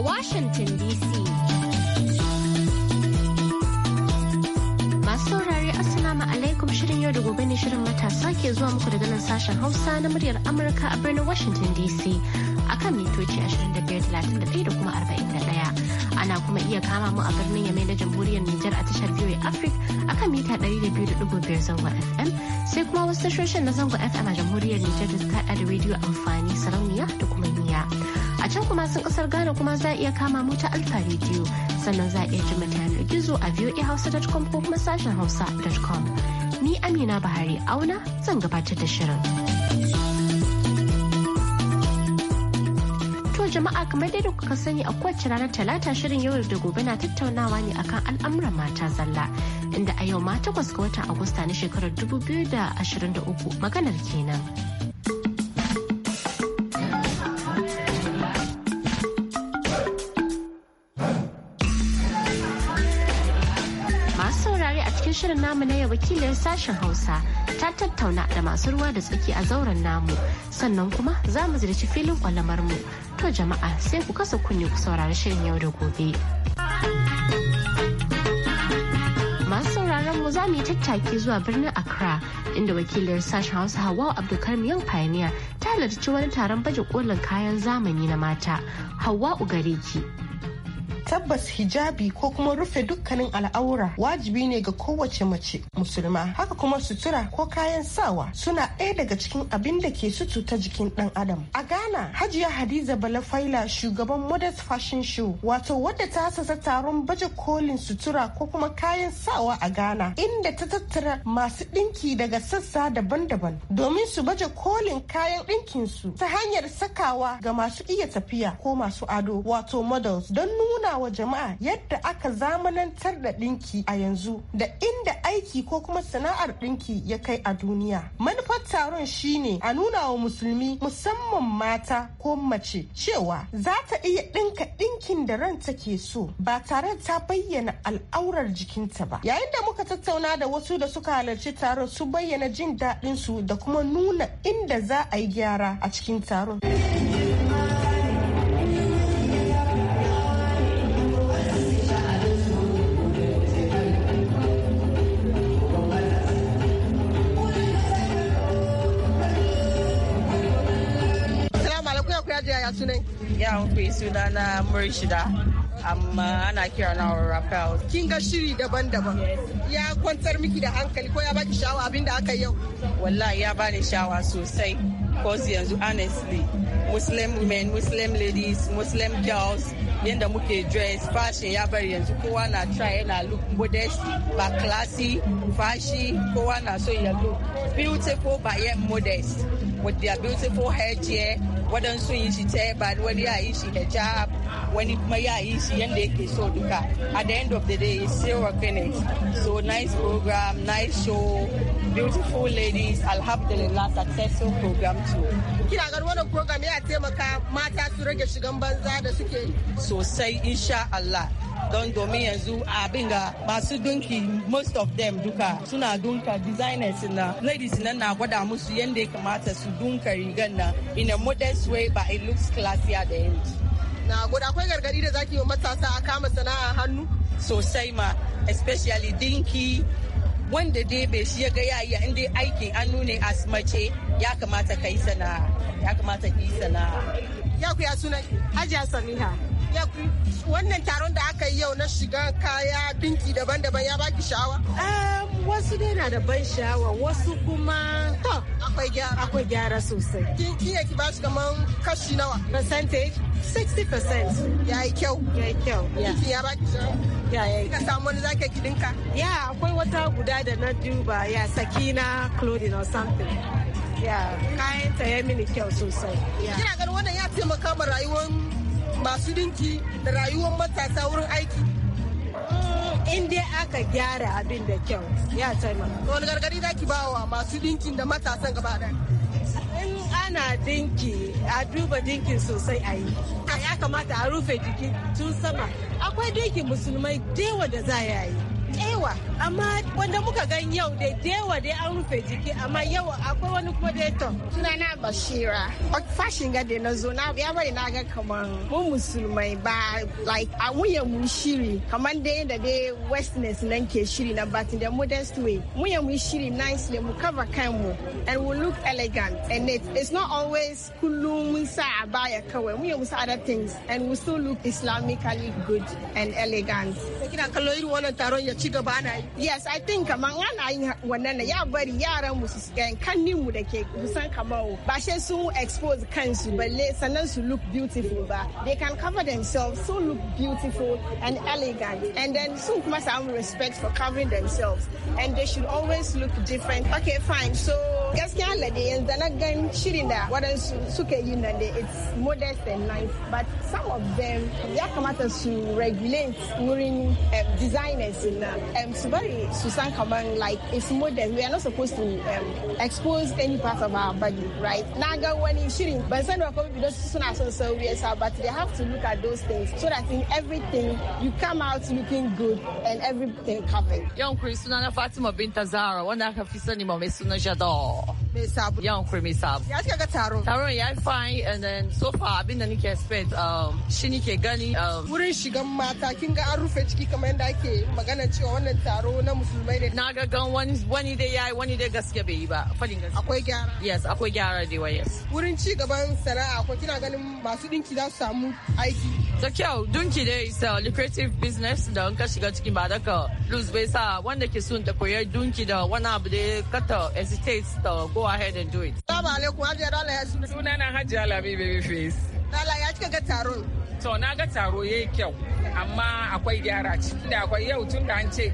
Washington DC. Masu Assalamu alaikum shirin yau da gobe ne shirin matasa ke zuwa muku daga nan sashen Hausa na muryar Amurka a birnin Washington DC a kan mitoci 2531 da kuma 41. Ana kuma iya kama mu a birnin Yamai na Jamhuriyar Nijar a tashar biyu VOA a kan mita 200.5 zango FM sai kuma wasu tashoshin na zango FM a Jamhuriyar Nijar da suka da rediyo amfani sarauniya da kuma can kuma sun kasar Ghana kuma za a iya kama mu ta Alfa Radio sannan za a iya jima ta gizo a voahausa.com ko kuma sashen hausa.com. Ni Amina Bahari Auna zan gabatar da shirin. To jama'a kamar dai da kuka sani a kowace ranar talata shirin yau da gobe na tattaunawa ne akan al'amuran mata zalla. Inda a yau ma takwas ga watan Agusta na shekarar 2023 maganar kenan. shirin namu na yau wakilin sashen Hausa ta tattauna da masu ruwa da tsaki a zauren namu sannan kuma za mu ziyarci filin kwalamar mu. To jama'a sai ku kasa kunne ku saurari shirin yau da gobe. masu mu za mu yi tattaki zuwa birnin Accra inda wakilin sashen Hausa Hawa Abdulkarim yan Pioneer ta halarci wani taron baje kolin kayan zamani na mata. Hawa ugariki. tabbas hijabi ko kuma rufe dukkanin al'aura wajibi ne ga kowace mace musulma haka kuma sutura ko kayan sawa suna ɗaya daga cikin abin da ke sututa jikin ɗan adam a ghana hajiya hadiza balafaila shugaban modest fashion show wato wadda ta sasa taron baje kolin sutura ko kuma kayan sawa a ghana inda ta tattara masu ɗinki daga sassa daban-daban domin su baje kolin kayan ɗinkinsu ta hanyar sakawa ga masu iya tafiya ko masu ado wato models don nuna wa jama'a yadda aka zamanantar da ɗinki a yanzu da inda aiki ko kuma sana'ar ɗinki ya kai a duniya. Manufar taron shine a nuna wa musulmi musamman mata ko mace cewa za ta iya ɗinka ɗinkin da ranta ke so ba tare ta bayyana al'aurar jikinta ba. Yayin da muka tattauna da wasu da suka halarci taron su bayyana jin daɗinsu da kuma nuna inda za a yi gyara a cikin taron. ya sunan? Ya hankali suna na Murshida. amma uh, ana kira na rafael Kin ga shiri daban-daban. Ya kwantar miki da hankali ko ya baki shawa abin da aka yau? Wallahi ya bani shawa sosai. Cause yanzu honestly, Muslim women, Muslim ladies, Muslim girls, yadda muke dress, fashion ya bari yanzu kowa na try na look modest, ba classy, fashi, kowa na so ya look beautiful but yet modest with their beautiful hair waɗansu yi shi ta ba wani ya yi shi da wani kuma ya yi shi yadda yake so duka at the end of the day it's still a finish so nice program nice show beautiful ladies alhamdulillah successful program too kina ga wannan program ya taimaka mata su rage shigan banza da suke sosai insha Allah don domin yanzu abin ga masu dunki most of them duka suna dunka designers na ladies nan na gwada musu yadda ya kamata su dunka rigan na in a modest way but it looks classy at the end na gwada akwai gargadi da zaki yi matasa a kama sana'a hannu sosai ma especially dinki wanda dai bai shi ya ga yaya in dai aikin hannu ne a mace ya kamata yi sana'a ya kamata ki sana'a ya ku ya sunan hajiya samiha wannan taron da aka yi yau na shiga kaya dinki daban-daban ya baki sha'awa? wasu dai na da ban sha'awa wasu kuma to akwai gyara akwai gyara sosai kin iya ki bashi kaman kashi nawa percentage 60% ya yi kyau ya yi kyau ya baki sha'awa ya yi ka samu wani zaka ki dinka ya akwai wata guda da na duba ya sakina clothing or something ya kayan ta ya mini kyau sosai kina ganin wannan ya taimaka ma rayuwar masu dinki da rayuwar matasa wurin aiki in dai aka gyara abin da kyau ya taimaka wani gargadi za ki bawa masu dinkin da matasan gaba in ana dinki a duba dinkin sosai a yi A ya kamata a rufe jiki tun sama akwai dinkin musulmai dewa da za yi ewa amma wanda muka gan yau da dewa dai an rufe jiki amma yau akwai wani kuma dai to sunana bashira fashin ga da na zo na ya bari na ga kaman. mu musulmai ba like a wuyan mu shiri kamar da yadda dai westness nan ke shiri na but in modest way wuyan mu shiri nicely mu cover kan mu and we look elegant and it, is not always kullum mun sa a baya kawai wuyan mu sa other things and we still look islamically good and elegant kina kallo irin wannan taron ya ci gaba ana yi yes i think kaman ana yin wannan na ya bari yaran mu su ga kannin mu da ke kusan kamar ba she sun expose kansu balle sannan su look beautiful ba they can cover themselves so look beautiful and elegant and then sun kuma samu respect for covering themselves and they should always look different okay fine so gaskiya Allah da yanzu na gan shirin da waɗansu suke yi nan da it's modest and nice but some of them ya kamata su regulate wurin eh, designers na um, so very Susan Kaman, like it's modern. We are not supposed to um, expose any part of our body, right? Naga when you shooting, but some of them because soon as so we are but they have to look at those things so that in everything you come out looking good and everything covered. Young Chris, Sunana Fatima Bintazara, one of her name of Sunajador. Young Chris Mesabu. Yes, I got Taro. Taro, yeah, I'm fine. And then so far, I've been in the expect, um, Shinike Gani, um, Wurin shigan mata, kin ga an rufe ciki kamar cewa wannan taro na musulmai ne. Na ga gan wani dai yayi wani dai gaske bai yi ba. Fadin gaske. Akwai gyara. Yes, akwai gyara dai wa yes. Wurin ci gaban sana'a ko kina ganin masu dinki za su samu aiki. Da kyau, dunki dai is a lucrative business da ka shiga ciki ba da ka lose bai sa wanda ke son ta koyar da wani abu da kata hesitate ta go ahead and do it. Assalamu alaikum, ya suna. ya ga To na ga taro yayi kyau. amma akwai gyara ciki da akwai yau tun da an ce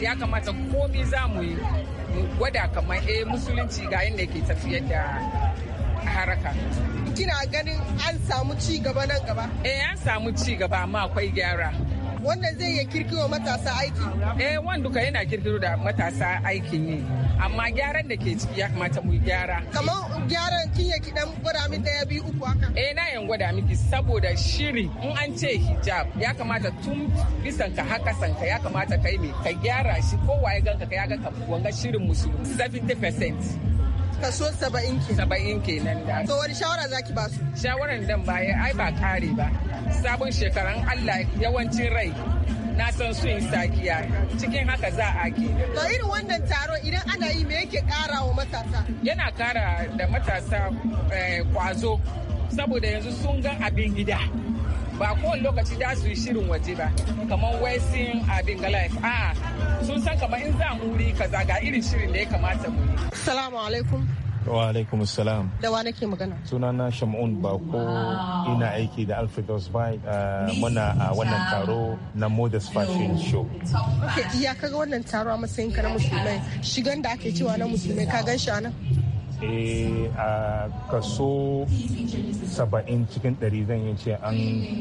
ya kamata komi za mu yi gwada kamar eh musulunci ga da ke tafiyar da haraka kina ganin an samu ci gaba nan gaba eh an samu ci gaba amma akwai gyara wannan zai iya kirkiro matasa aiki eh wan duka yana kirkiro da matasa aikin yi amma gyaran da ke ciki ya kamata mu gyara kamar gyaran kin ya kidan gwada min daya biyu uku haka eh na yan gwada miki saboda shiri in an ce hijab ya kamata tun bisan ka haka sanka ya kamata kai me ka gyara shi kowa ya ganka ka ya ga ka wanga shirin musulmi 70% Kaso saba'in ke. Saba'in ke nan da. To wani shawara za ba su? Shawaran dan baya ai ba kare ba. Sabon shekaran Allah yawancin rai na san su yi sakiya cikin haka za a ke. To irin wannan taro idan ana yi me yake kara wa matasa? Yana kara da matasa kwazo eh, saboda yanzu sun ga abin gida. ba kowane lokaci za su yi shirin waje ba kamar wesin a ga life a sun san kamar in za mu wuri kaza ga irin shirin da ya kamata mu yi assalamu alaikum wa alaikum salam da wa nake magana suna na shamun bako ina aiki da alfredos bai uh, muna a uh, wannan taro na modest fashion show iya kaga wannan taro a matsayin ka na musulmai shigan da ake cewa na musulmai ka gan shi a nan eh a kaso saba'in cikin ɗari zan yi ce an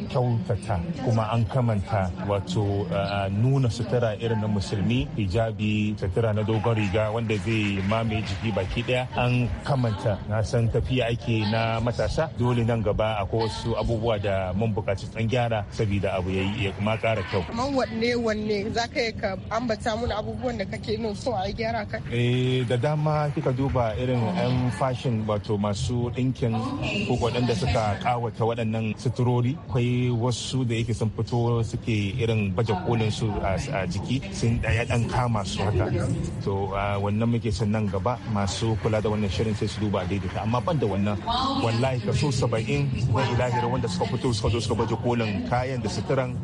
kyautata kuma an kamanta wato nuna sutura irin na musulmi hijabi sutura na dogon riga wanda zai mamaye jiki baki daya an kamanta na san tafiya ake na matasa dole nan gaba akwai wasu abubuwa da mun bukaci tsan gyara saboda abu ya kuma kara kyau. Kaman wanne wanne za ka yi ka ambata mun abubuwan da kake nun so a gyara ka? Eh da dama kika duba irin kayan fashin wato masu ɗinkin ko waɗanda suka ƙawata waɗannan suturori akwai wasu da yake sun fito suke irin baje kolin su a jiki sun ɗaya ɗan kama su haka to wannan muke son nan gaba masu kula da wannan shirin sai su duba daidaita amma ban da wannan wallahi kaso saba'in na ilahirar wanda suka fito suka zo suka baje kolin kayan da suturan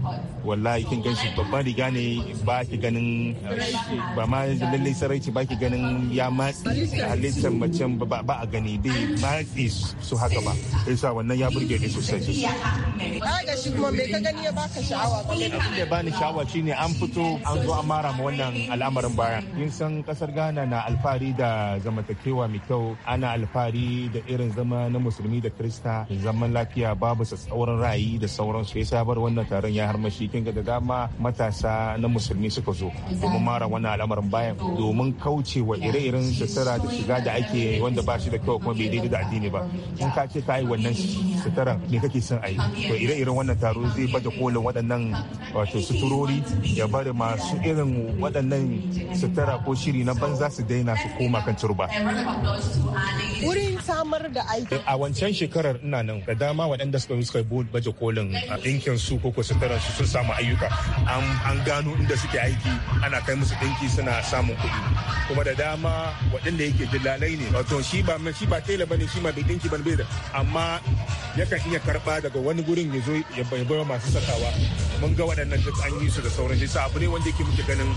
wallahi kin gan shi babban riga ne ba ki ganin ba ma lallai sarauci ba ki ganin ya matsi halittar mace nan ba a gani bai matsi su haka ba yasa wannan ya burge ni sosai ga shi kuma me ka gani ya baka sha'awa ba. abin da bani sha'awa shine an fito an zo an mara ma wannan al'amarin baya kin san kasar Ghana na alfahari da zamantakewa mai kyau ana alfahari da irin zama na musulmi da kirista zaman lafiya babu tsauran ra'ayi da sauran ya yasa bar wannan taron ya harmashi kin ga da dama matasa na musulmi suka zo domin mara wannan al'amarin bayan domin kaucewa ire-iren sutura da shiga da ake wanda ba shi da kyau kuma bai daidai da addini ba in ka ce ka yi wannan suturan ne kake son a yi to ire iren wannan taro zai baje kolin waɗannan wato suturori ya bari masu irin waɗannan sutura ko shiri na banza su daina su koma kan turba wurin samar da aiki a wancan shekarar ina nan da dama waɗanda suka suka baje kolin ɗinkin su ko ko suturan su sun samu ayyuka an gano inda suke aiki ana kai musu ɗinki suna samun kuɗi kuma da dama waɗanda yake dillalai ne wato to shi ba shi ba tela bane shi ma bai dinki ban bai da amma yakan iya karba daga wani gurin ya zo ya baiwa masu sakawa mun ga waɗannan duk an yi su da sauran shi abu ne wanda yake muke ganin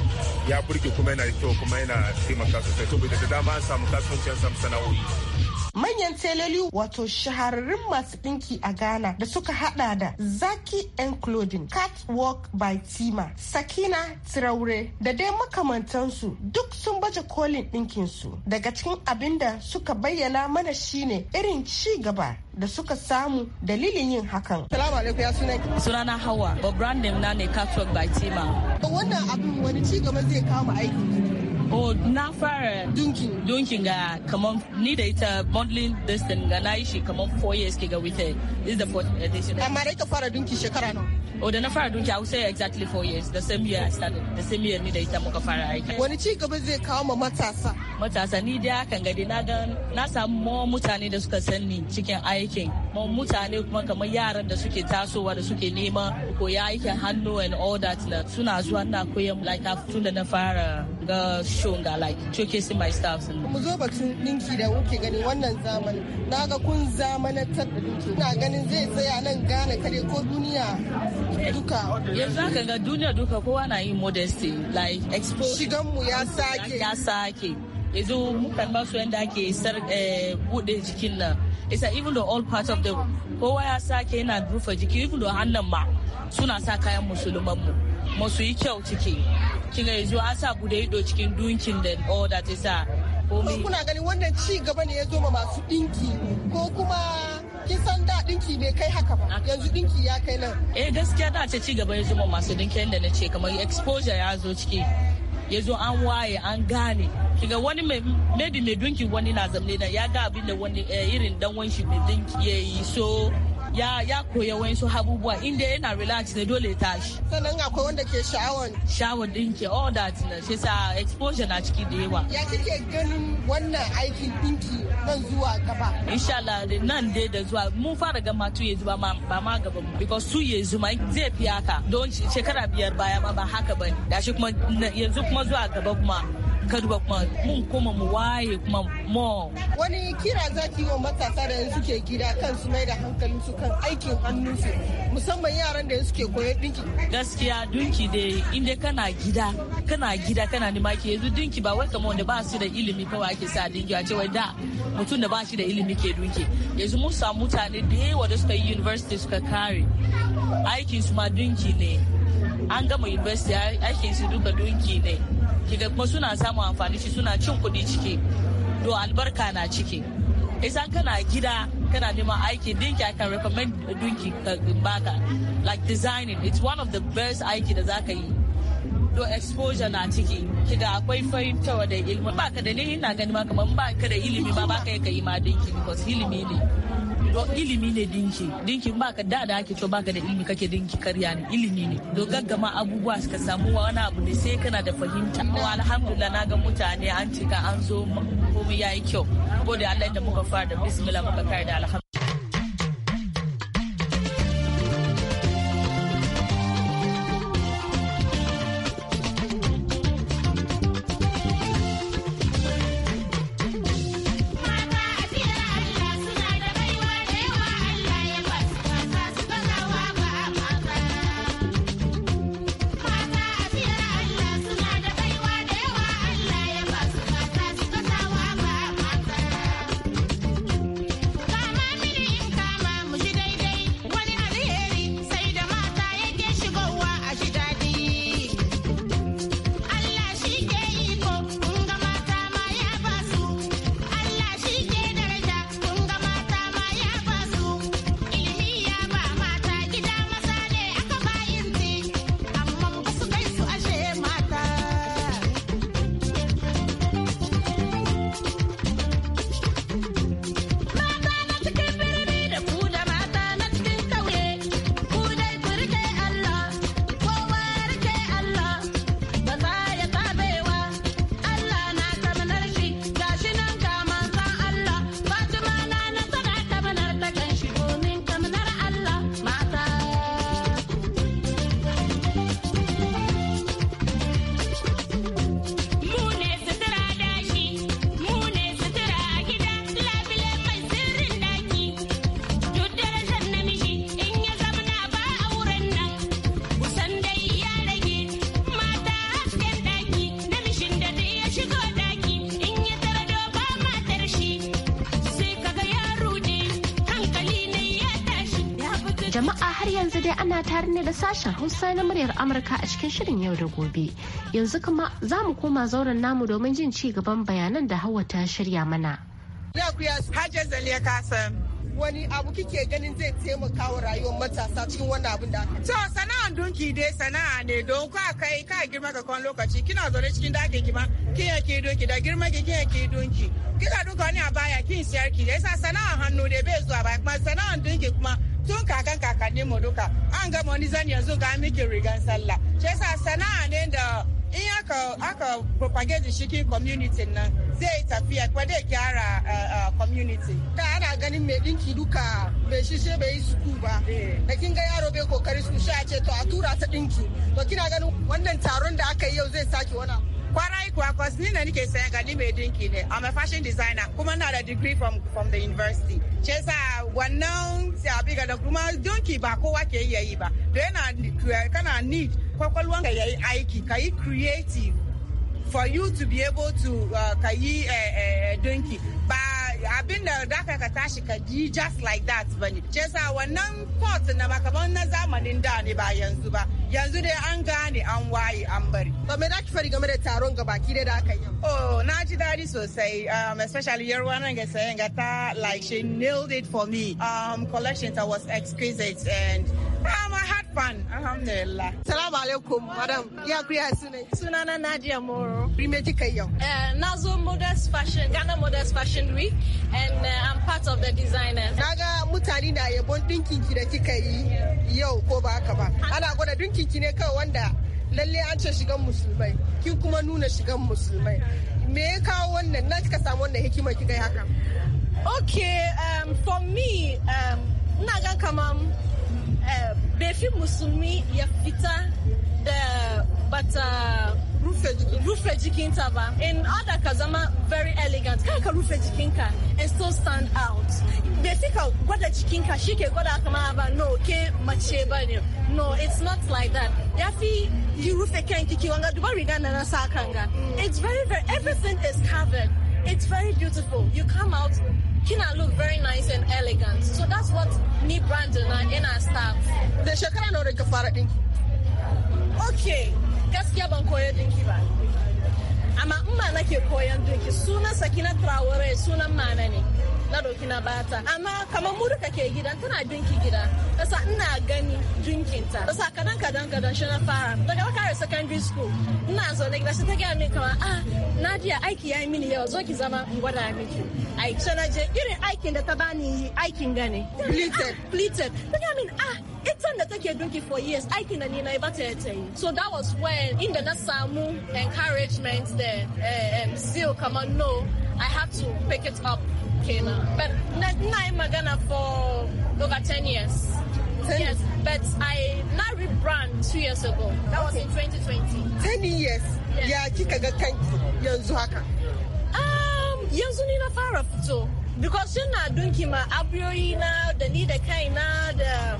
ya burge kuma yana kyau kuma yana taimaka sosai to bai da dama an samu kasuwanci an samu sana'o'i Manyan teleli wato shahararrun masu ɗinki a Ghana da suka hada da Zaki and Clothing, Catwalk by Tima, Sakina Traure da dai makamantansu duk sun baje kolin ɗinkinsu. Daga cikin abin da suka bayyana mana shine irin ci gaba da suka samu dalilin yin hakan. Salamu alaikum ya Sunana Hawa, ba brand na ne Catwalk by Tima. Wannan abin wani ci gaba zai kama aiki. oh na fara dunkin dunkin ga kamar ni da ita bundling distance ga na yi shi kamar 4 years ke ga with it is the fourth edition amma da ka fara dunkin shekara nawa o oh, da na fara dunki I would say exactly 4 years the same year I started the same year ni da ita muka fara aiki wani ci gaba zai kawo ma matasa matasa ni dai hakan ga na ga na samu mutane da suka san ni cikin aikin mutane kuma kamar yaran da suke tasowa da suke nema koya aikin hannu and all that na suna zuwa na koyan like tun da na fara ga show ga like showcasing my staff mu zo batun dinki da kuke gani wannan zamani na ga kun zamanantar da dinki ina ganin zai tsaya nan gane kare ko duniya duka yanzu haka ga duniya duka kowa na yin modesty like expo shigan mu ya sake ya sake yanzu mukan ba su yanda ake eh, bude jikin nan it's a, even though all part of the kowa ya sake yana rufe jiki even though hannun ma suna sa kayan musulman mu masu yi kyau ciki kinga yanzu an sa bude ido cikin dunkin da all that is a komai kuna gani wannan ci gaba ne ya zo ma masu dinki ko kuma kin san da dinki bai kai haka ba yanzu dinki ya kai nan eh gaskiya da ce ci gaba ya zo ma masu dinki inda na ce kamar exposure ya zo ciki ya zo an waye an gane kiga wani mai dunki wani na zamle na ya ga abin da wani eh, irin dan wanshi mai dunki ya yi so ya ya koya wayansu abubuwa inda yana relax ne dole ya tashi sannan akwai wanda ke sha'awar sha'awar dinki all that na shi sa exposure na ciki da yawa ya kike ganin wannan aikin dinki nan zuwa gaba insha Allah nan dai da zuwa mun fara gama tu yanzu ba ma ba ma gaba mu because su yanzu ma zai fi haka don shekara biyar baya ma ba haka ba da shi kuma yanzu kuma zuwa gaba kuma Kadu ba kuma mun koma mu waye kuma mo. Wani kira za ki yi wa matasa da suke gida kan su mai da hankalin su kan aikin hannu su musamman yaran da suke koya dinki. Gaskiya dinki dai inda kana gida kana gida kana nima ke yanzu dinki ba wai kamar wanda ba su da ilimi kawai ake sa dinki a ce wai da mutum da ba shi da ilimi ke dinki yanzu mun samu mutane da yawa da suka yi university suka kare aikin su ma dinki ne. an gama university aikin su duka dunki ne kiga kuma suna samun amfani shi suna cin kuɗi ciki do albarka na ciki isan kana gida kana neman aiki dinki i can recommend dunki baka like designing it's one of the best aiki da zaka yi do exposure na ciki kida akwai fahimtawa da ilimi baka da ne ina gani ma kamar baka da ilimi ba baka yi ka yi ma dinki because ilimi ne ilimi ne dinki dinkin baka da da ake to baka da ilimi kake dinki karya ne ilimi ne don gaggama abubuwa suka samu wani abu ne sai kana da fahimta alhamdulillah na ga mutane an cika an zo komai yayi kyau ko da Allah da muka fara da bismillah muka kai da alhamdulillah tare ne da sashen Hausa na muryar Amurka a cikin shirin yau da gobe. Yanzu kuma za mu koma zauren namu domin jin ci gaban bayanan da Hawa ta shirya mana. Wani abu kike ganin zai taimaka wa rayuwar matasa cikin wannan abin da aka. To sana'an dunki dai sana'a ne don ka kai ka girma ka kwan lokaci kina zaune cikin dakin ki ma kin ya ki dunki da girma ki kin ya dunki. Kika duka wani a baya kin siyar ki yasa sana'an hannu ne bai zuwa baya kuma sana'an dunki kuma tun kakan kakannin mu duka an gama wani zan yanzu ga miki rigan sallah shi yasa sana'a ne da in aka aka propagate shi community nan zai tafiya kuma zai gyara eh, eh, community ta ana ganin mai dinki duka bai shishe bai yi suku ba eh. da kin ga yaro bai kokari su a ce to a tura ta dinki to kina ganin wannan taron da aka yi yau zai sake wani Kwarai kuwa kwas ni na nike sayan ni mai dinki ne. I'm a fashion designer kuma na da degree from, from the university. Ce sa wannan abi ga da kuma dinki ba kowa ke iya yi ba. Da yana kana need kwakwalwan ka yayi aiki ka yi creative for you to be able to uh, ka yi eh, eh, dinki. Ba abin da daka ka tashi ka ji just like that bane. Ce sa wannan pot na makaman na zamanin da ne ba yanzu ba. yanzu dai an gane an waye an bari. To me ki fari game da taron gabaki da aka yi? Oh, na ji daɗi sosai, um, especially yar wannan ga sayan ta like she nailed it for me. Um, collections was exquisite and Fan, alhamdulillah. Salamu alaikum, madam. Ya kuya sunai. Sunana Nadia Moro. Rime kika yau. Eh, na zo Modest Fashion, Ghana Modest Fashion Week, and uh, I'm part of the designers. Na ga mutane na yabon dinkin ki da kika yi yau ko ba haka ba. Ana gwada dinkin ki ne kawai wanda lalle an ce shigan musulmai kin kuma nuna shigan musulmai me ya kawo wannan na kika samu wannan hikima kika yi haka okay um, for me um, na ga kamar Eh, befi fi musulmi ya fita da bata uh, rufe jikinta ba in other kazama very elegant kai ka rufe jikinka and still stand out bai fi ka gwada jikinka shi ke gwada kama ba no ke mace ba ne no it's not like that ya fi yi rufe kanki ki wanga duba riga na nasa kanga it's very very everything is covered it's very beautiful you come out kina look very nice and elegant so that's what ni brand na ina staff da shekara nawa ka fara okay gaskiya ban koya dinki ba amma in ma nake koyan dinki sunan sakina traore sunan mana ne na doki na bata amma kamar murka ke gidan tana dinki gida kasa ina gani dinkinta kasa kadan kadan kadan shi na fara daga kare secondary school ina zaune gida sai ta gaya min kama, ah Nadia aiki ya yi mini yawa zo ki zama in gwada miki aiki sai na je irin aikin da ta bani yi aikin gane pleated pleated ta gaya min ah ita da take dunki for years aikin da ni na ba ta yi so that was when inda na samu encouragement there um, still kamar no I have to pick it up kenan. But na yi magana for over 10 years. 10 yes, but I now rebrand two years ago. That okay. was in 2020. 10 years? Ya kika ga kanki yanzu haka? Um, yanzu ni na fara fito. Because yana dunki ma abiyoyi na da ni da kaina da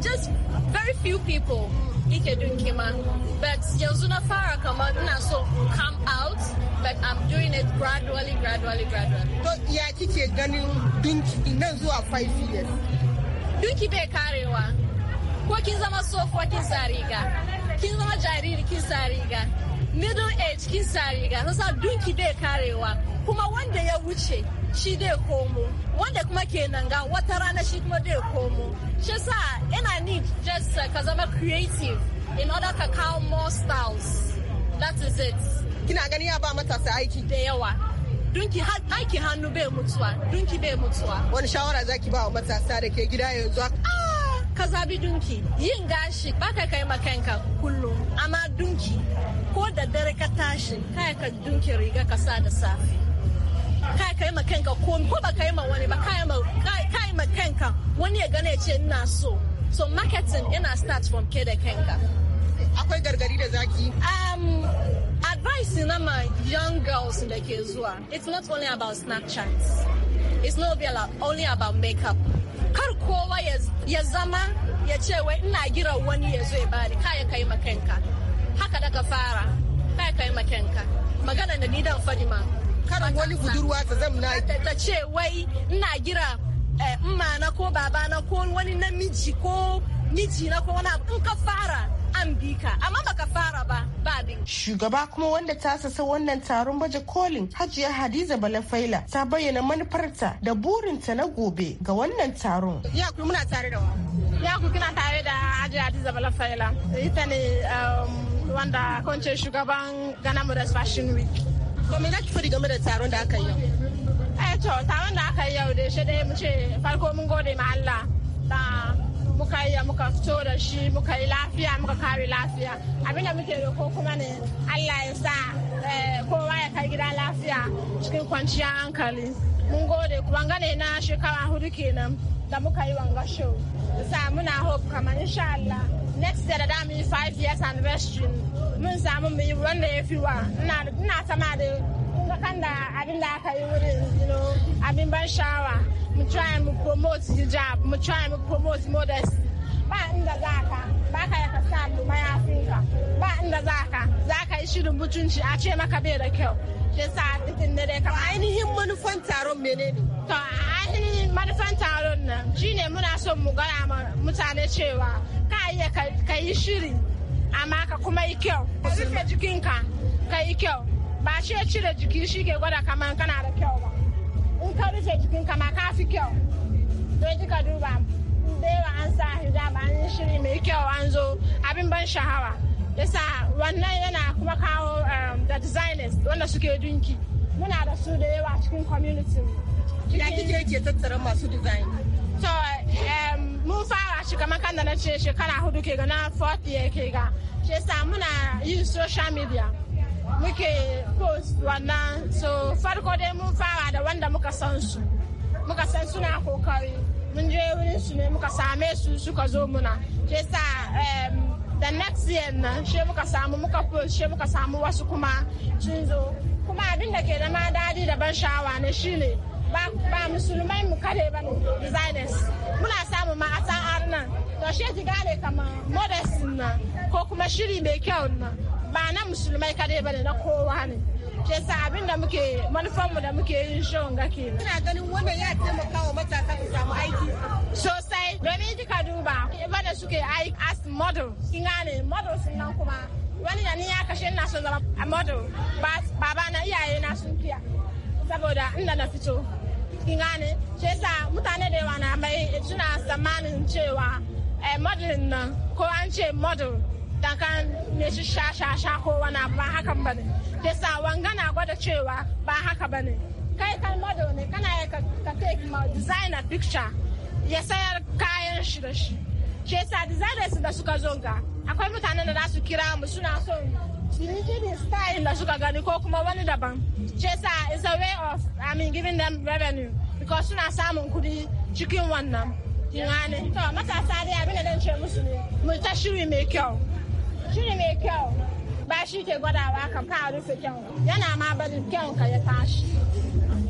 just very few people. nike doing kima but yanzu na fara kamar ina so come out but I'm doing it gradually gradually gradually to ya kike ganin dinki nan zuwa 5 years dinki bai karewa ko kin zama so ko kin sa riga kin zama jariri kin sa riga middle age kin sa riga sasa dinki bai karewa kuma wanda ya wuce shi dai komo wanda kuma ke nan ga wata rana shi kuma dai komo shi sa ina need just uh, ka zama creative in order ka kawo more styles that is it kina gani ya ba matasa aiki da yawa dunki aiki hannu bai mutuwa dunki bai mutuwa wani shawara zaki ba wa matasa da ke gida yanzu ah, ka zabi dunki yin gashi baka kai makanka kullum amma dunki ko da dare ka tashi kai ka dunki riga ka sa da safe ka kai ma kanka ko ko ba kai ma wani ba ka ma kai ma kanka wani ya gane ce ina so so marketing yana start from ke da kanka akwai gargari da zaki um advice na ma young girls da ke zuwa it's not only about snapchat it's not only about makeup kar kowa ya zama ya ce wai ina gira wani ya zo ya bani kaya kai makanka haka daga fara kaya kai makanka magana da ni dan fadi ma karin wani budurwa ta zamna ta ce wai ina gira eh, mana na ko baba na ko wani namiji ko miji na ko wani in ka fara an bi ka amma baka fara ba babin. Shugaba kuma wanda ta sasa wannan taron baje kolin Hajiya Hadiza Balafaila ta bayyana manufarta da burinta na gobe ga wannan taron. Ya ku muna tare da wa. Ya ku kina tare da Hajiya Hadiza Balafaila. Ita ne um, wanda kwanci shugaban Ghana Modest Fashion Week. To me game da taron da aka yi yau? Eh to taron da aka yi yau da shi ɗaya mu ce farko mun gode ma Allah da muka yi muka fito da shi muka yi lafiya muka kare lafiya abinda muke roko kuma ne Allah ya sa eh, kowa ya kai gida lafiya cikin kwanciyar hankali. mun gode kuma gane na shekara hudu kenan da muka yi wanga show sa muna hope kamar insha Allah next year da da mu yi five years anniversary mun samu mu yi wanda ya fi wa ina ma da kunga kan da abin da aka yi wurin abin ban shawa mu try mu promote hijab mu try mu promote modest ba inda za ka ba ka ya kasa mayafinka ba inda za ka za ka yi shirin mutunci a ce maka bai da kyau shi sa tun da ainihin manufan taron menene to ainihin manufan taron nan shine muna son mu gaya ma mutane cewa ka iya ka yi shiri amma ka kuma yi kyau ka rufe jikinka ka yi kyau ba ce cire jiki shi ke gwada kaman kana da kyau ba in ka rufe jikinka ma ka fi kyau don ka duba da an sa hijab an yi shiri mai kyau an zo abin ban sha'awa yasa wannan yana kuma kawo um, da designers wanda suke dunki muna da su da yawa cikin community ina kike ke tattara masu design to um, mun fara shi kamar kan da na ce shekara hudu ke ga na fourth year ke ga yasa muna yin social media muke post wannan so farko dai mun fara da wanda muka san su muka san suna kokari mun je wurin su ne muka same su suka zo muna yasa um, da next year na she muka samu muka she muka samu wasu kuma sun kuma abin da ke da ma dadi da ban sha'awa ne shine ba ba musulmai mu kare ba designers muna samu ma a san'ar nan to she ji gane kama modest na ko kuma shiri mai kyau na ba na musulmai kare ba ne na kowa ne shi yasa abin da muke manufanmu da muke yin shon ga kenan ina ganin wannan ya taimaka wa matasa su samu aiki sosai domin kika duba ibada suke aiki as model kin gane model sun nan kuma wani da ni ya kashe ina son zama a model baba na iyaye na sun kiya saboda inda na fito kin gane shi yasa mutane da yawa na mai suna tsammanin cewa eh, modelin nan ko an ce model dakan ne shi sha sha sha ko wani abu ba hakan ba ne Bisa wangana gwada cewa ba haka ba ne. Kai kan model ne kana yi ka take ma designer picture ya sayar kayan shi da shi. designers da suka zo ga akwai mutanen da za su kira mu suna so yi religion style da suka gani ko kuma wani daban. Shi sa is a way of I mean giving them revenue because suna samun kudi cikin wannan. Yingane. To matasa dai abin da zan ce musu ne. Mu ta shiri mai kyau. Shiri mai kyau. ba shi ke gwadawa ka ka rufe kyan yana ma bari kyan ka ya tashi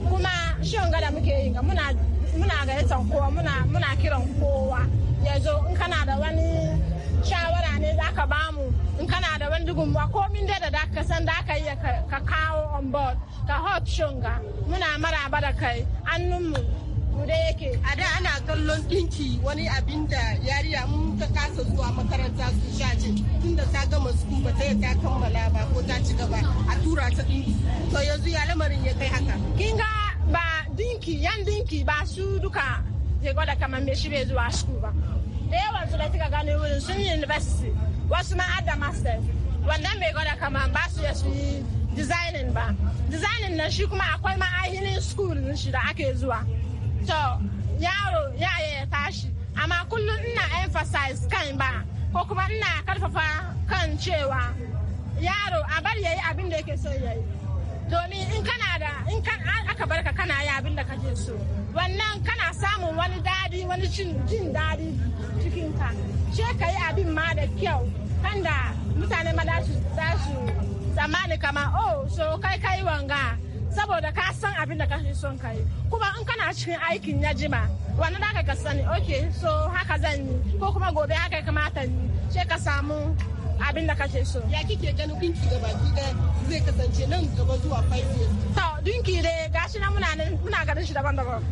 kuma shin gada muke yi ga muna muna ya kowa muna muna kiran kowa ya zo in kana da wani shawara ne za ka bamu in kana da wani ko min da da ka san da ka yi ka kawo on board ka hot shunga muna maraba da kai annunmu guda yake a da ana kallon dinki wani abin da yariya mun ta kasa zuwa makaranta su shaje da ta gama su ba ta ta kammala ba ko ta ci gaba a tura ta dinki to yanzu ya lamarin ya kai haka kin ga ba dinki yan dinki ba su duka je gwada kamar me shi bai zuwa school ba da yawan su da suka gani wurin sun yi university wasu ma adda master wannan bai gwada kamar ba su ya su yi designing ba designing na shi kuma akwai ma ainihin school shi da ake zuwa to yaro ya ya tashi amma kullum ina emphasize kan ba ko kuma ina karfafa kan cewa yaro a bar yayi abin da yake so yayi domin in kana da in kan aka barka kana yi abin da kake so wannan kana samun wani dadi wani jin dadi cikin ka ce ka yi abin ma da kyau kan da mutane ma za su zamani kama oh so kai kai wanga saboda ka san abin da kake son kai, kuma in kana cikin aikin ya jima wani da ka sani ok so haka zan yi ko kuma gobe haka kamata ni sai ka samu abin da kake so ya kike ganin dinki da baki da zai kasance nan gaba zuwa 5 years to dinki dai gashi na muna muna ganin shi daban-daban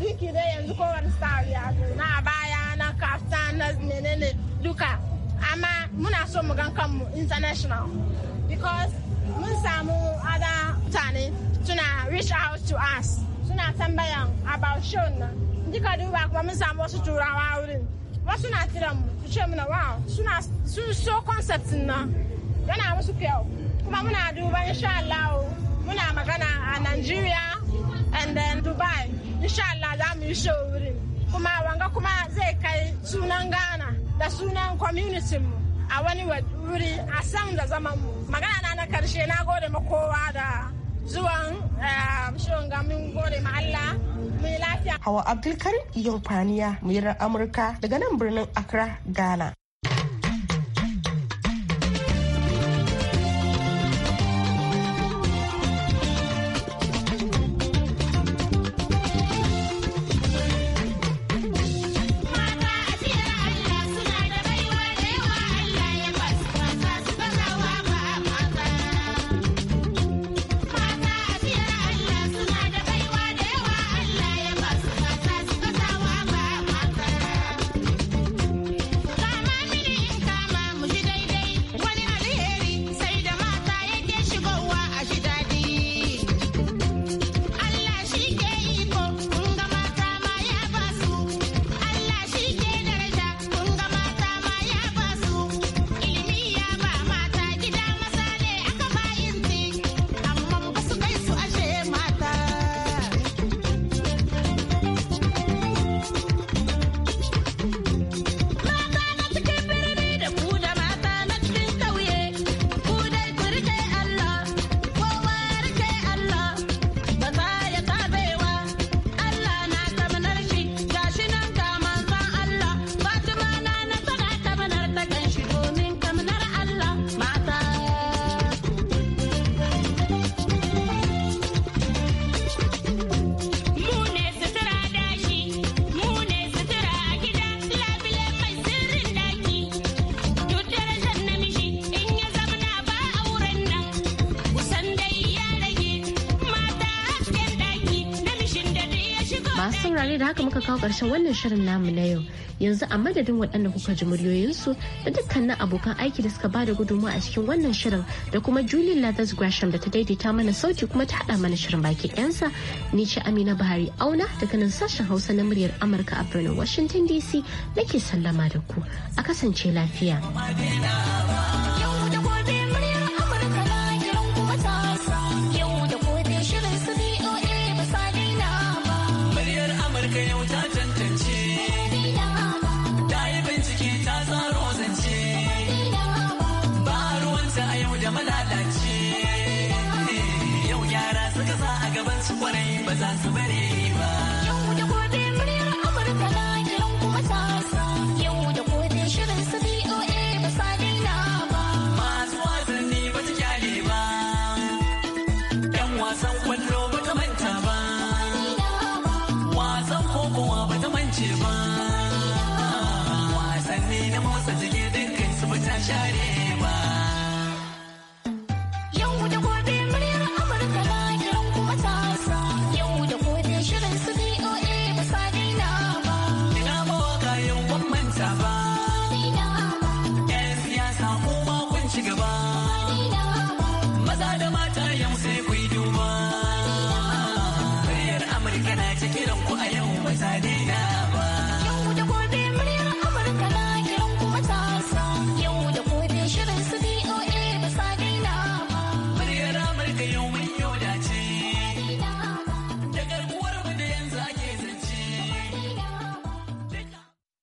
dinki da yanzu kowane star ya zo na baya na kaftan na menene duka amma muna so mu gan kanmu international because mun samu ada mutane suna reach out to us suna tambayan about show na duka duba kuma mun samu wasu turawa wurin wasu na tiran mu su ce na wa suna sun so concept na yana musu kyau kuma muna duba insha Allah muna magana a Nigeria and then Dubai insha Allah za mu yi show wurin kuma wanga kuma zai kai sunan Ghana da sunan community mu a wani wuri a san da zaman mu magana na da karshe na gode ma kowa da zuwan eh, shugaban gode ma Allah mai lafiya. Hawa Abdulkarim yau faniya muyirar Amurka daga nan birnin Accra, Ghana. Masu saurare da haka muka kawo ƙarshen wannan shirin namu na yau. Yanzu a madadin waɗanda kuka ji muryoyinsu da dukkanin abokan aiki da suka bada gudunmawa a cikin wannan shirin da kuma Julie Lathers Gresham da ta daidaita mana sauti kuma ta haɗa mana shirin baki ɗansa. Ni ce Amina bahari Auna daga nan sashen Hausa na muryar Amurka a birnin Washington DC nake sallama da ku. A kasance lafiya. was I so ready?